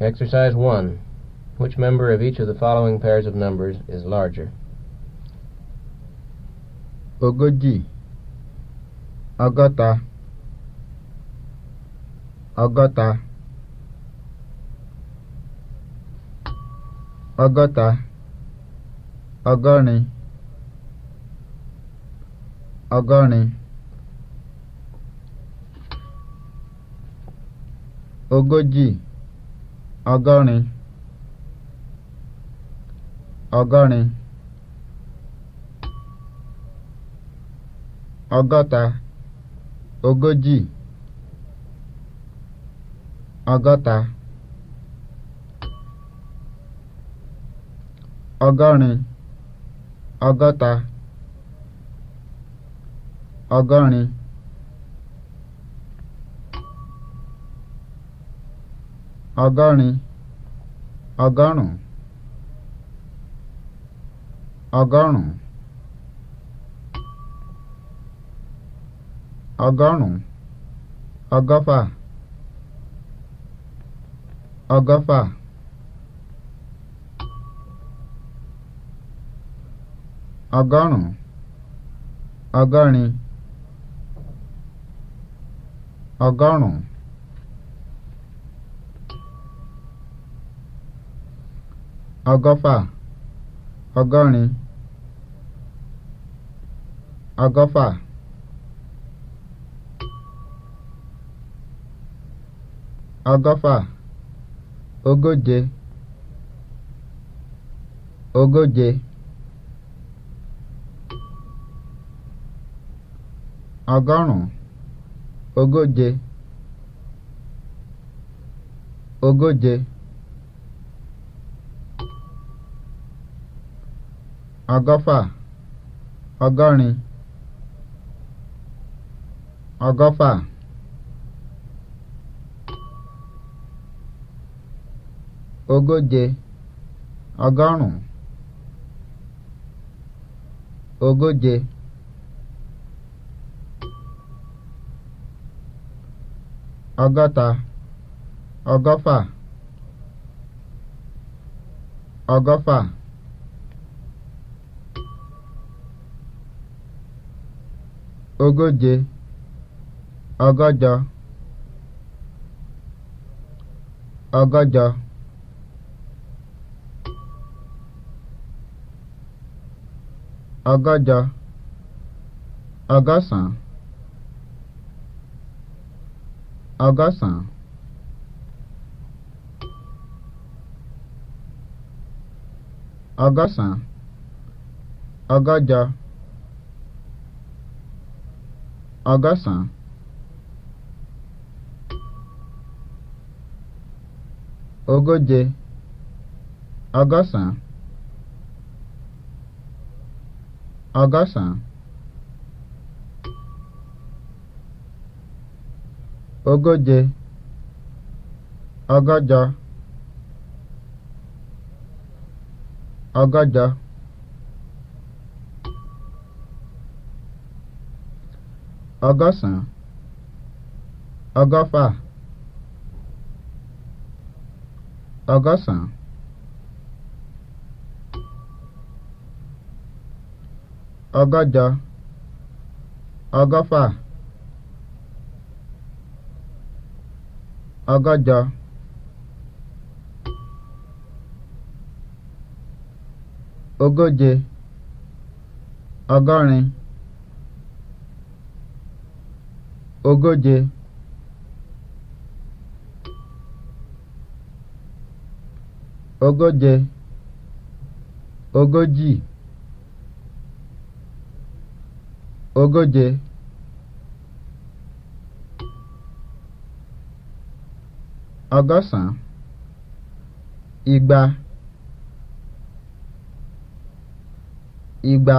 Exercise 1. Which member of each of the following pairs of numbers is larger? Ogójì, Agata, Agata, ọgọ́ta, Agani, Agani, ogójì. ọgọ́rin ọgọ́rin ọgọ́ta ogójì ọgọ́ta ọgọ́rin ọgọ́ta ọgọ́rin. ọgọ́rin ọgọ́rùn-ún ọgọ́rùn-ún ọgọ́rùn-ún ọgọ́fà ọgọ́fà. ọgọ́fà ọgọ́rin ọgọ́fà. ọgọ́fà ogóje ogóje ọgọ́rùn-ún ogóje ogóje. Ọgọfà Ọgọrin Ọgọfà ogóje ọgọ́rùn-ún ogóje ọgọ́ta Ọgọfà Ọgọfà ogóje ọgọ́jọ ọgọ́jọ. ọgọ́jọ ọgọ́sàn-án ọgọ́sàn-án ọgọ́sàn-án ọgọ́jọ. ọgọ́sàn ogoje, ogóje ọgọ́sàn ogoje, ọgọ́sàn ọgọjọ. ogóje ọgọ́jọ ọgọ́jọ. ọgọ́sàn-án ọgọ́fà ọgọ́sàn-án ọgọ́jọ ọgọ́fà ọgọ́jọ ogóje ọgọ́rin. ogoje ogoje ogójì ogóje ọgọ́sàn igba igba.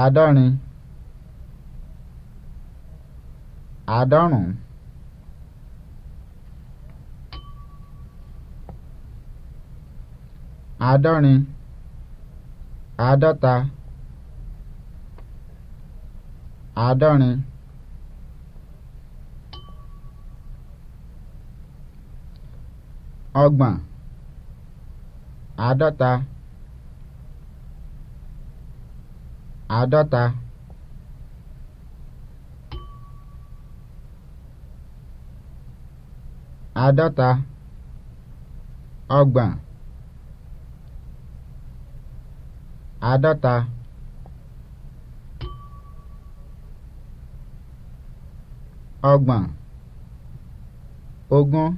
àádọ́rin àádọ́rùn-ún. Adọrin àádọ́ta àádọ́rin ọgbọ̀n Adọta àádọ́ta. àádọ́ta ọgbọ̀n àádọ́ta ọgbọ̀n ogún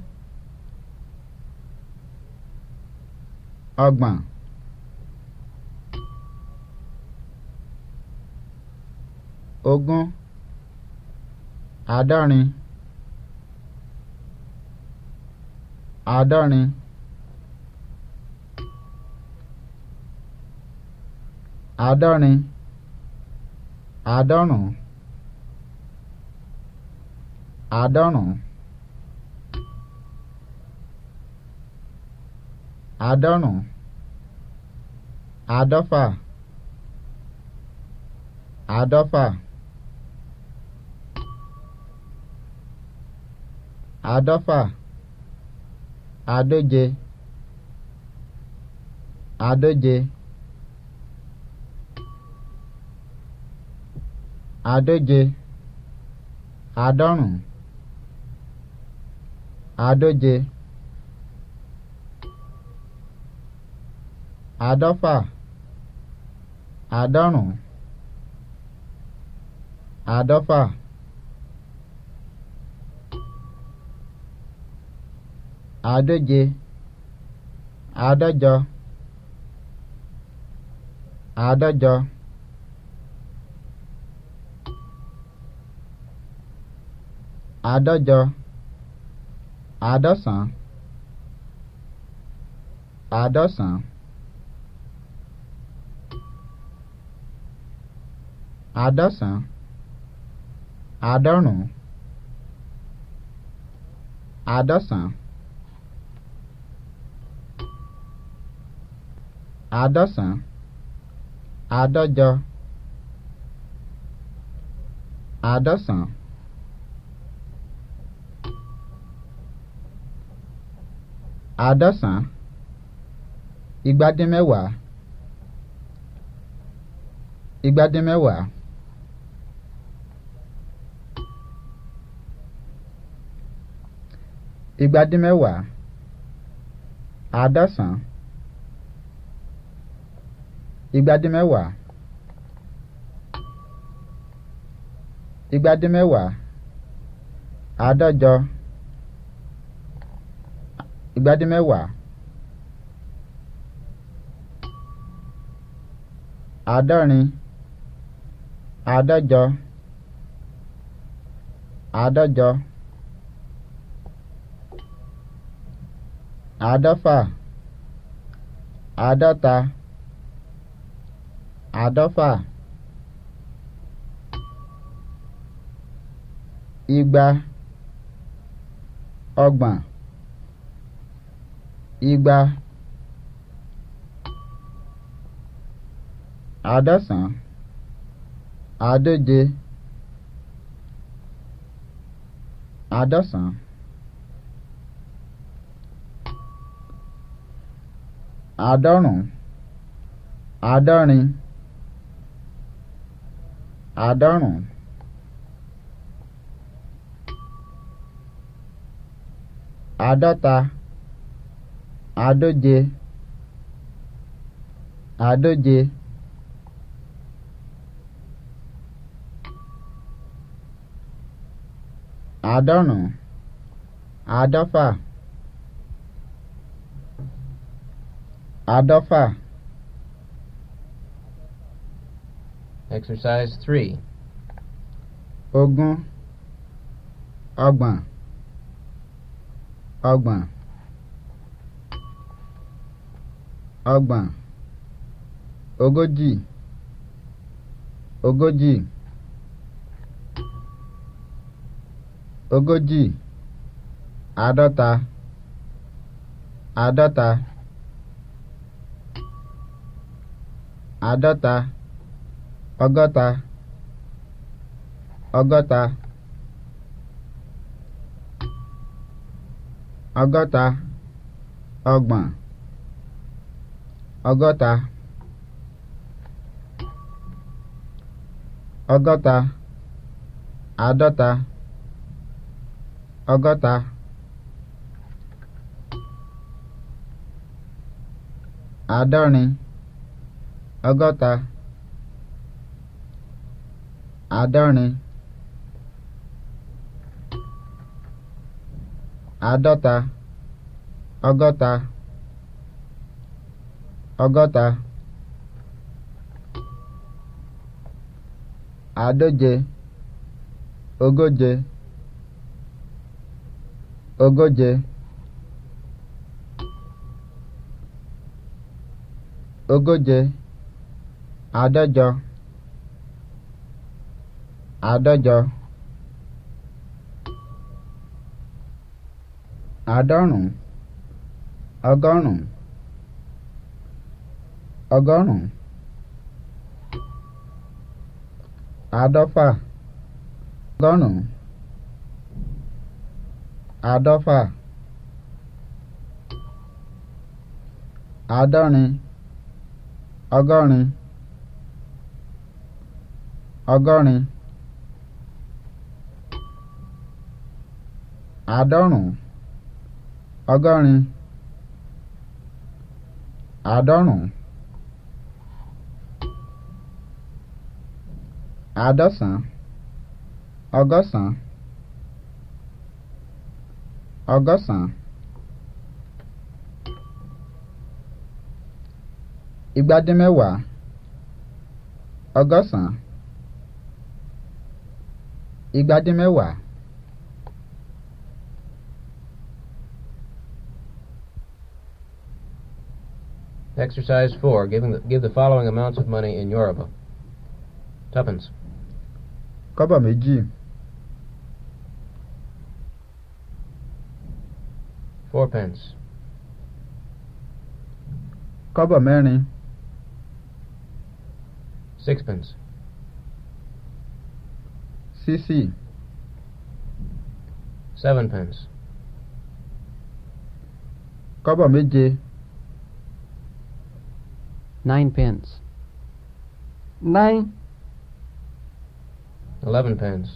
ọgbọ̀n. ogún àádọ́rin àádọ́rin. àádọ́rin àádọ́rùn-ún àádọ́rùn-ún àádọ́rùn-ún àádọ́fà àádọ́fà. àádọ́fà àádóje àádóje àádóje àádọ́rùn àádóje àádọ́fà àádọ́rùn àádọ́fà. àádóje àádọ́jọ àádọ́jọ. àádọ́jọ àádọ́sán àádọ́sán àádọ́sán àádọ́rùn-ún àádọ́sán. àádọ́sán àádọ́jọ àádọ́sán. àádọ́sán igbádínmẹ́wàá igbádínmẹ́wàá igbádínmẹ́wàá àádọ́sán igbadínmẹ́wàá igbadínmẹ́wàá àádọ́jọ igbadínmẹ́wàá àádọ́rin àádọ́jọ àádọ́jọ àádọ́fà àádọ́ta. adọfa igba ọgbọ̀n igba àádọ́sàn àádóje àádọ́sàn. àádọ́rùn-ún àádọ́rùn-ún. àádọ́ta àádóje àádóje àádọ́rùn-ún àádọ́fà àádọ́fà. Exercise 3. Agban. Agban. Agban. Ọgbọ̀n. Ogójì. Ogójì. Ogójì. Àádọ́ta. Àádọ́ta. Àádọ́ta ọgọ́ta ọgọ́ta ọgọ́ta ọgbọ̀n ọgọ́ta ọgọ́ta àádọ́ta ọgọ́ta àádọ́rin ọgọ́ta. àádọ́rin adọta ọgọta ọgọta Adoje ogoje ogoje ogoje adọjọ. àádọ́jọ àádọ́rùn ọgọ́rùn ọgọ́rùn àádọ́fà ọgọ́rùn àádọ́fà àádọ́rin ọgọ́rin ọgọ́rin. àádọ́rùn-ún ọgọ́rin àádọ́rùn-ún àádọ́sàn-án ọgọ́sàn-án ọgọ́sàn-án igbádínmẹ́wàá ọgọ́sàn-án igbádínmẹ́wàá. Exercise 4. Giving the, give the following amounts of money in Yoruba. Tuppence. Kaba méjì. Fourpence. Kaba mẹ́rin. Sixpence. Seven Sevenpence. Kaba meji. Nine pence. Nine. Eleven pence.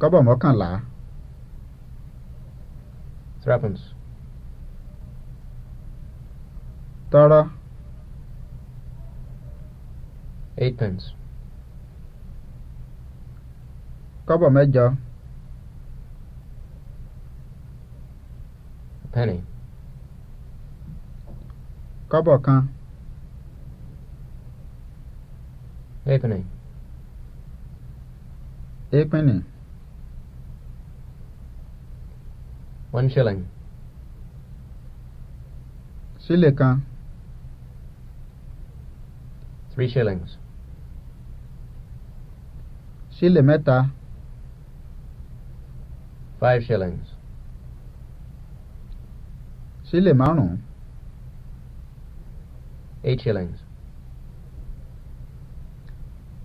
Kọ́bọ̀ mọ́kànlá. Threepence. Tọ́rọ́. Eight pence. Kọ́bọ̀ mẹ́jọ. A penny kọ́bọ̀ kan. epini. epini. one shilling. sílẹ̀ kan. three shillings. sílẹ̀ mẹ́ta. five shillings. sílẹ̀ márùn-ún eight shillings.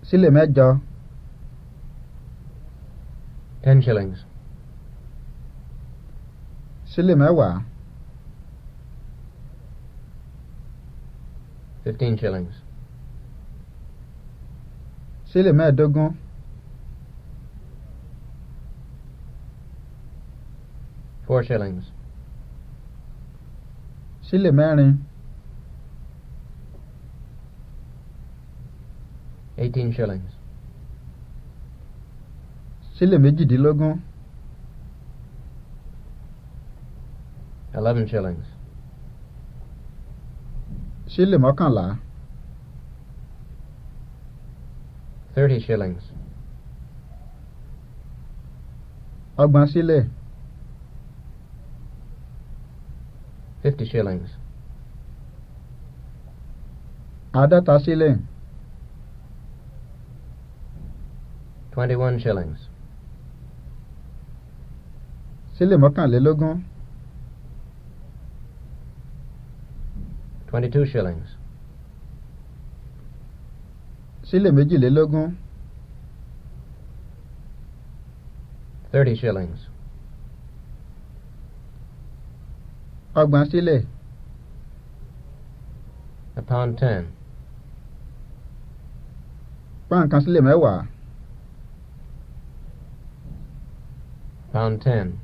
Sílè mẹ́jọ. Ten shillings. Sílè wa. Fifteen shillings. Sílè dogon. Four shillings. Sílè mẹ́rin. eighteen shillings. sílẹ̀ méjìdínlógún. eleven shillings. sílẹ̀ mọ́kànlá. thirty shillings. ọgbọ̀n sílẹ̀. fifty shillings. àádọ́ta sílẹ̀. 21 shillings. Sílè mọ́kànlélógún. 22 shillings. Sílè méjìlélógún. 30 shillings. Ọgbọ̀n sílè. A pound ten. Pọ́n kan sílè mẹ́wàá. Pound ten.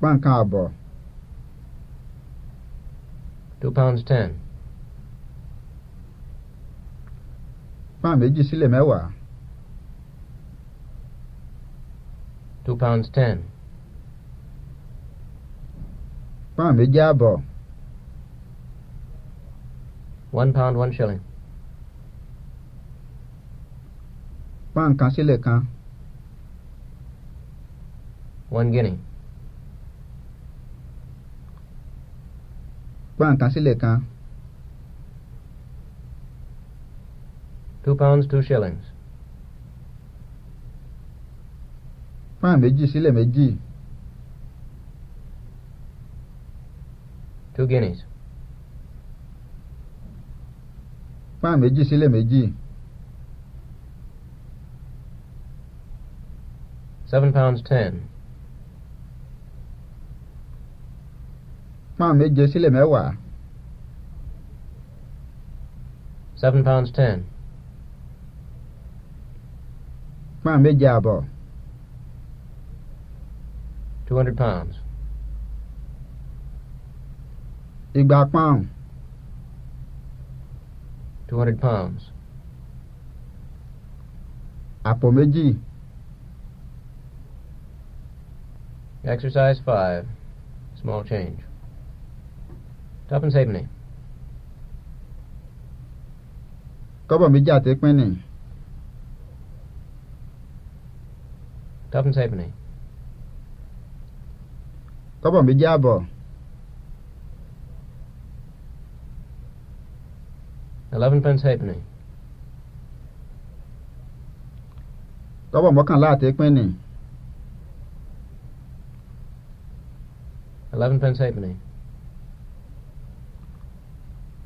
Pound carbo. Two pounds ten. Pound méjì sílẹ̀ mewa. Two pounds ten. Pound méjì àbọ̀. 1 pound one shilling. Pound kan sílẹ̀ kan one guinea. pa nǹkan sílẹ̀ two pounds two shillings. pa méjì sílẹ̀ méjì. two guineas. pa méjì sílẹ̀ méjì. seven pounds ten. pound méje sílẹ̀ Mewa? seven pounds ten. pound méje àbọ̀. two hundred pounds. igba pound. two hundred pounds. àpò méjì. Exercise 5. Small change. Toppen Sebeni. Kọ́bọ̀ méjì àti pín ni. Toppen Sebeni. Kọ́bọ̀ méjì àbọ̀. Eleven pence halfpenny. Kọ́bọ̀ mọ́kànlá àti pín ni. Eleven pence ni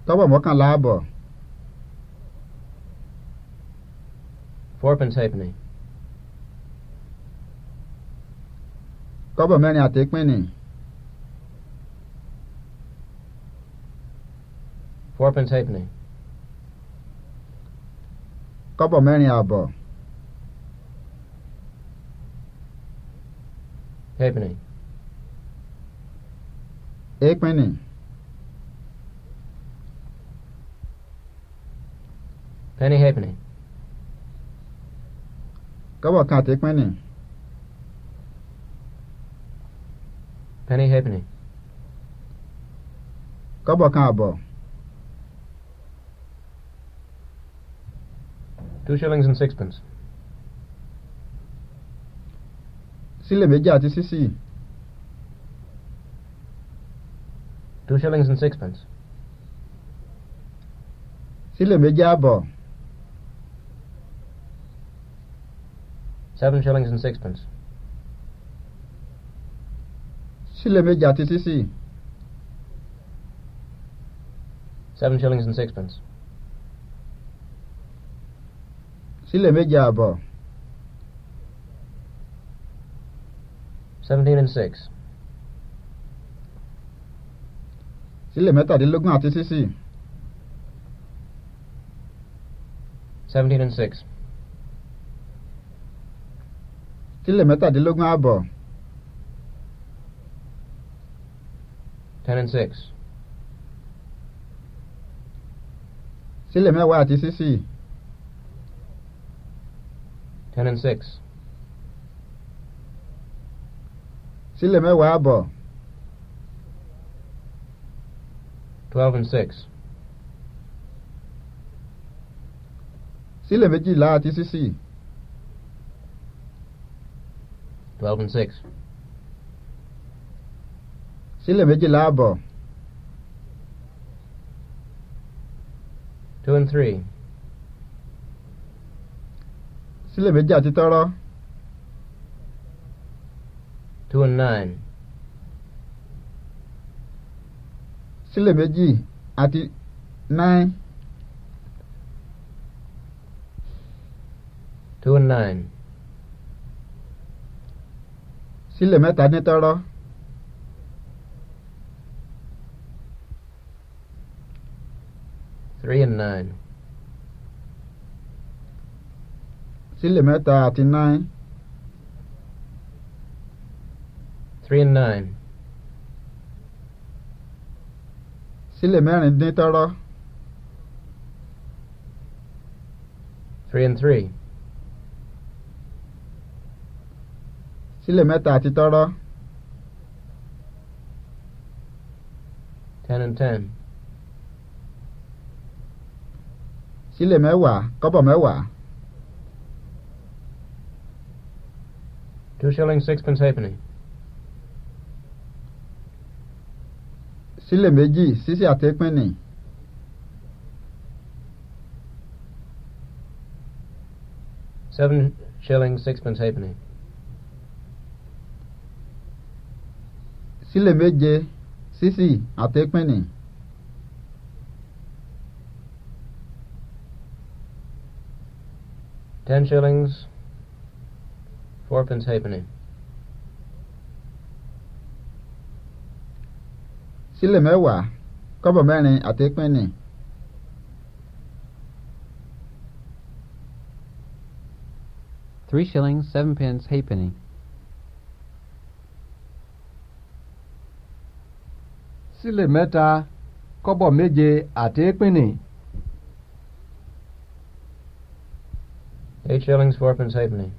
tọ́wọ̀ mọ́kànlá àbọ̀. fourpence halfpenny. kọ́bọ̀ mẹ́rin àti pínì. fourpence halfpenny. kọ́bọ̀ mẹ́rin àbọ̀. halfpenny. èèpínì. penny halfpenny. Kọ́bọ̀ kan àti pẹ́nì. penny halfpenny. Kọ́bọ̀ kan àbọ̀. two shillings and sixpence. sílẹ̀ méjì àti sísì. two shillings and sixpence. sílẹ̀ méjì àbọ̀. seven shillings and sixpence. Shilebe jati sisi. Seven shillings and sixpence. Shilebe jabo. Seventeen and six. Shilebe mẹ́tàdínlógún àti sisi. Seventeen and six. sílẹ̀ mẹ́tàdínlógún ààbọ̀. ten and six. sílẹ̀ mẹ́wàá àti sísì. ten and six. sílẹ̀ mẹ́wàá ààbọ̀. twelve and six. sílẹ̀ méjìlá àti sísì. twelve and six. sílẹ̀ méjìlá àbọ̀. two and three. sílẹ̀ méjì àti tọ́rọ́. two and nine. sílẹ̀ méjì àti nine. two and nine. sílẹ̀ mẹ́ta ní three and nine sílẹ̀ mẹ́ta àti nine three and nine sílẹ̀ mẹ́rin dín three and three. sílẹ̀ mẹ́ta àti tọ́rọ́. ten and ten. sílẹ̀ mẹ́wàá kọ́bọ̀ mẹ́wàá. two shillings sixpence halfpenny. sílẹ̀ méjì sísè àtẹ́pẹ́nì. seven shillings sixpence halfpenny. sílè méje sísì àtẹ́pìnì. ten shillings fourpence halfpenny. sílè mẹ́wàá kọ́bọ̀ mẹ́rin àtẹ́pìnì. three shillings sevenpence halfpenny. sílẹ̀ mẹ́ta kọ́bọ̀ méje àti pínì. eight shillings pence. halfpenny.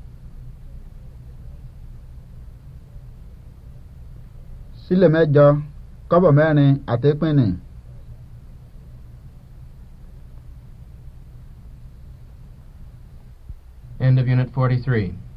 sílẹ̀ mẹ́jọ kọ́bọ̀ mẹ́rin àti pínì. End of Unit 43.